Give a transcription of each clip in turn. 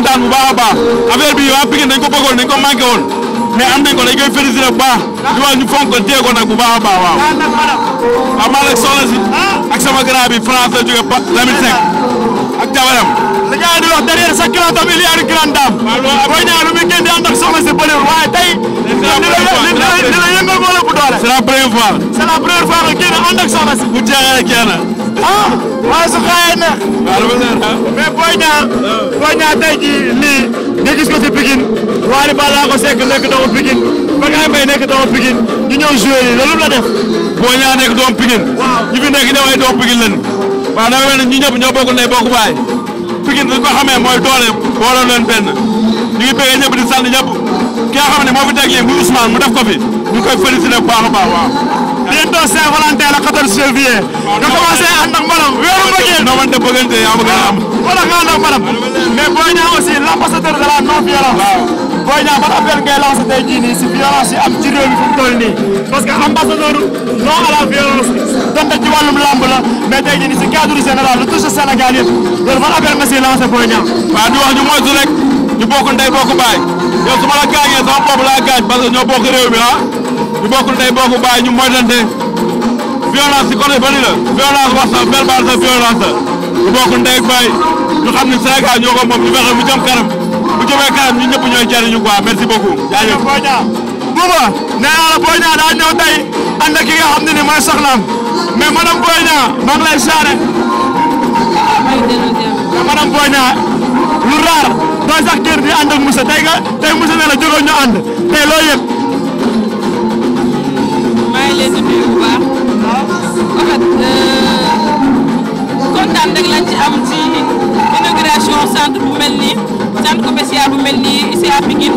kontaan bu baax a baax affaire bi waa Pikine ko bëggoon dañ ko manqué woon mais am nañ ko dañ koy félicité bu baax di wax fonk ko téye ko nag bu baax a baax waaw. waaw man ak soxna si ah. ak sama grand bi France la jógee Lamine Seck. ak jabaram li gars yi di wax derrière sa grand dame il y a une grande dame booy ñaar lu muy génn di ànd ak soxna si bëriwul waaye tey li la yëngal moo la bu doole c'est la première fois c'est la première fois nga génn ànd ak soxna si bu jeexee rek jeex na ah waaye su xaayee neex ah. mais booy ñaar booy ñaar tey ji lii nga gis ko si Pikine Wally Ballago Seck nekk doomu Pikine Bagaye Mbaye nekk doomu Pikine ñu ñëw joué yi loolu la def booy ñaar nekk doomu Pikine ñu fi nekk ñëw ay doomu Pikine lañ waaw dama mel ne ñu ñëpp ñoo bokk ndey bokk baay Pikine dañ ko xamee mooy doole booloo leen benn ñu ñëpp di sant ñëpp ki nga xam moo fi teg lii muy mu def ko fi ñu ngi koy félicité bu baax a baax waaw. bientôt Saint-Valentin la 14 février. nga commencé mbalam weeru mbëggeel. noo mën de bëggante yaa bëgg a am. wala nga ànd ak mbalam mais boo ñëwee aussi l'ambassadeur de la non violence. waaw. Boy Niang ban appel ngay lancé tey jii nii si violence yi am ci réew mi fu mu parce que ambassadeur non à la violence donte ci lamb la mais tey jii si cadre général lu touche Sénégal yëpp loolu ban appel nga siy lancé Boy Niang. waaw ñu moytu rek ñu bokk ndey bokk baay yow bokk réew mi ah. bokk baay ñu moytante violence si côté bëri la violence wax na verbal sa violence ñu bokk ndey baay ñu xam ne Sénégal ñu fexe mu jëm kanam. bu jëmee kanam ñun ñëpp ñooy jariñu quoi merci beaucoup. jaajëf boo ñaa buuba nee naa la boo ñaa daa tey ànd ak ki nga mooy soxlaam mais madame boo ñaa maa lay saare madame boo ñaa lu doo sax kër di ànd ak tey nga tey Moussa ne la jógoon tey loo kontaan rek lañ ci am ci inauguration centre bu mel nii centre commercial bu mel nii ici à Pikine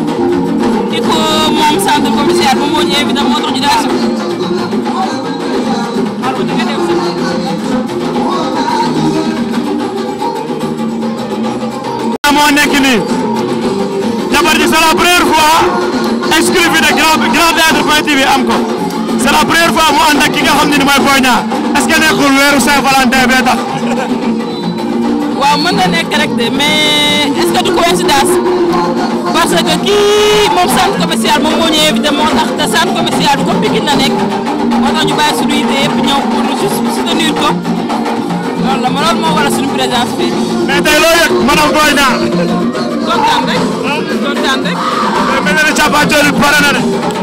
ki ko moom centre commercial bu moo ñu invité moo tax ñu daal si moo nekk nii jabar ji c'est la première fois exclu bi de grand grand théâtre Point TV am ko c'est la première fois mu ànd ak ki nga xam ne ni mooy Boy Niang est-ce que nekkul weeru Saint-Valentin bee tax waaw mën na nekk mais est-ce que du coïncidence parce que kii moom centre commercial moom moo ñu invité moo te centre commercial bi comme Pikine na nekk moo tax ñu bàyyi suñu idée yëpp ñëw pour ñu soutenir ko loolu la ma loolu moo waral suñu présence fii. mais tey loo yëg maanaam booy naa. kontaan rek. kontaan rek. mais mel na ne cappaancoor bi pare na de.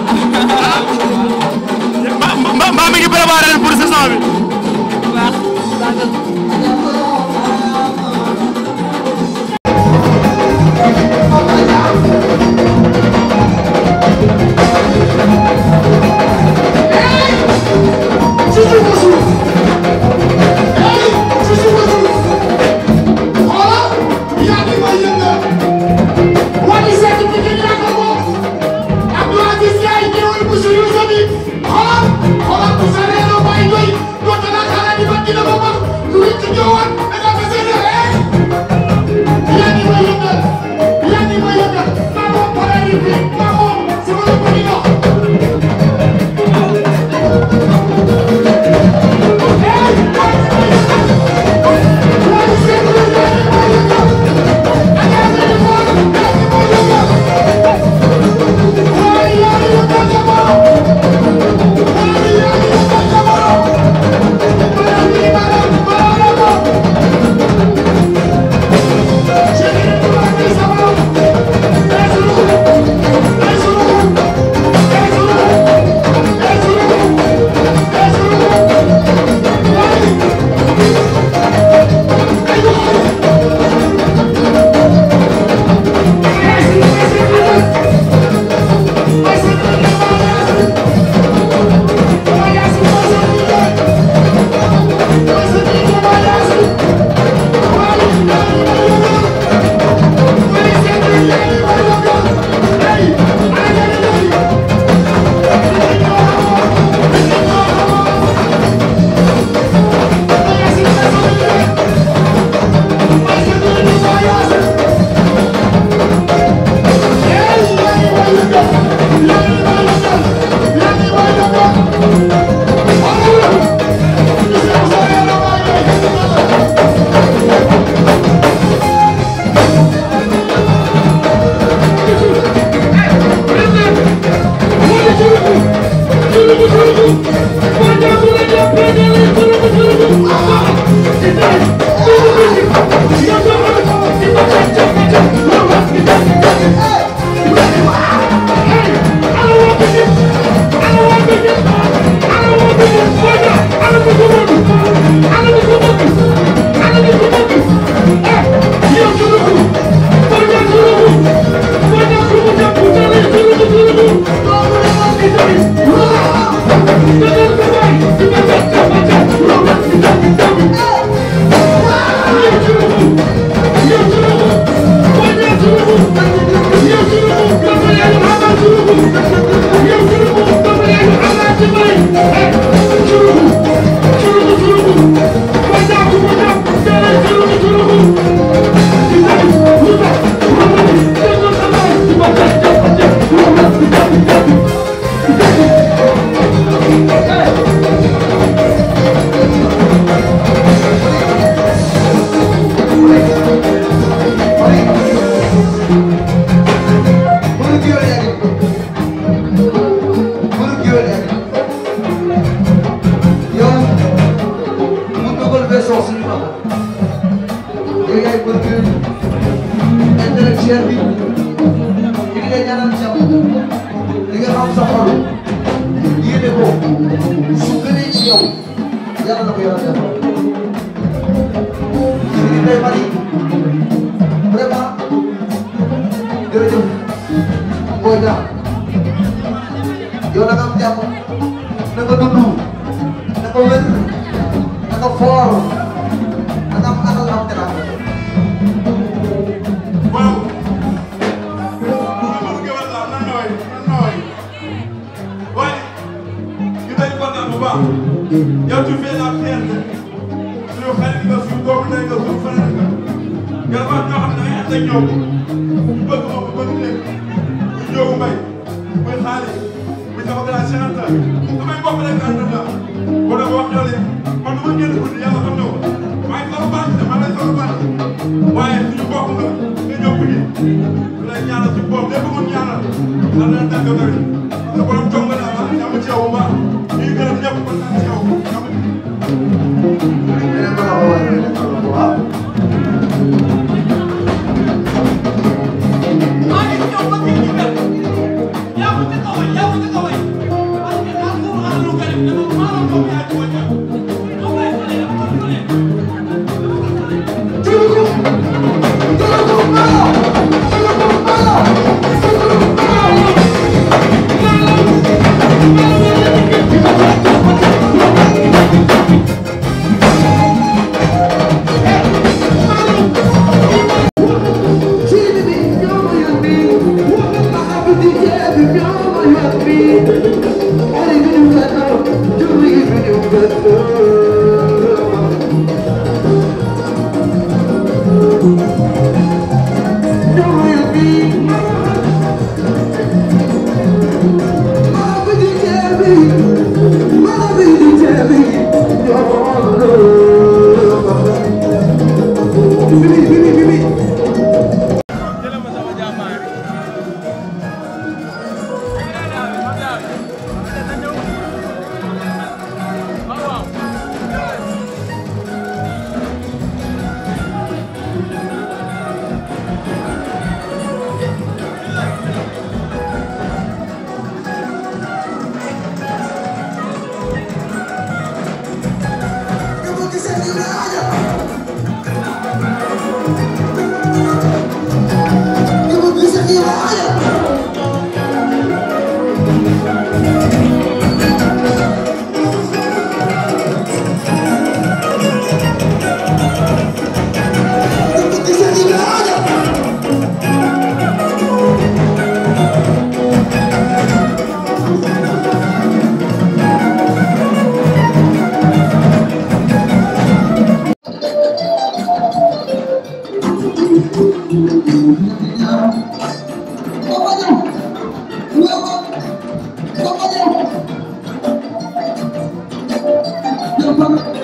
doing? yow da nga am jàmm na nga dund na nga wér ñëw ku bëgg ma ku bëgg leen muy Ndiogou Mbaye muy xaalis muy sama grand chante damay bokk rek ànd na boo doon wax ñoo leen man du ma génn guddi yàlla xam na ko waaye sama bànq man lay sama bànq waaye suñu bokk nga nga ñëw guddi du lay ñaanal suñu bopp lépp mun ñaanal lan la dàgg bëri te borom jom nga daal ma am ci yow bu baax ñuy gërëm ñëpp Todo mundo! Thank you.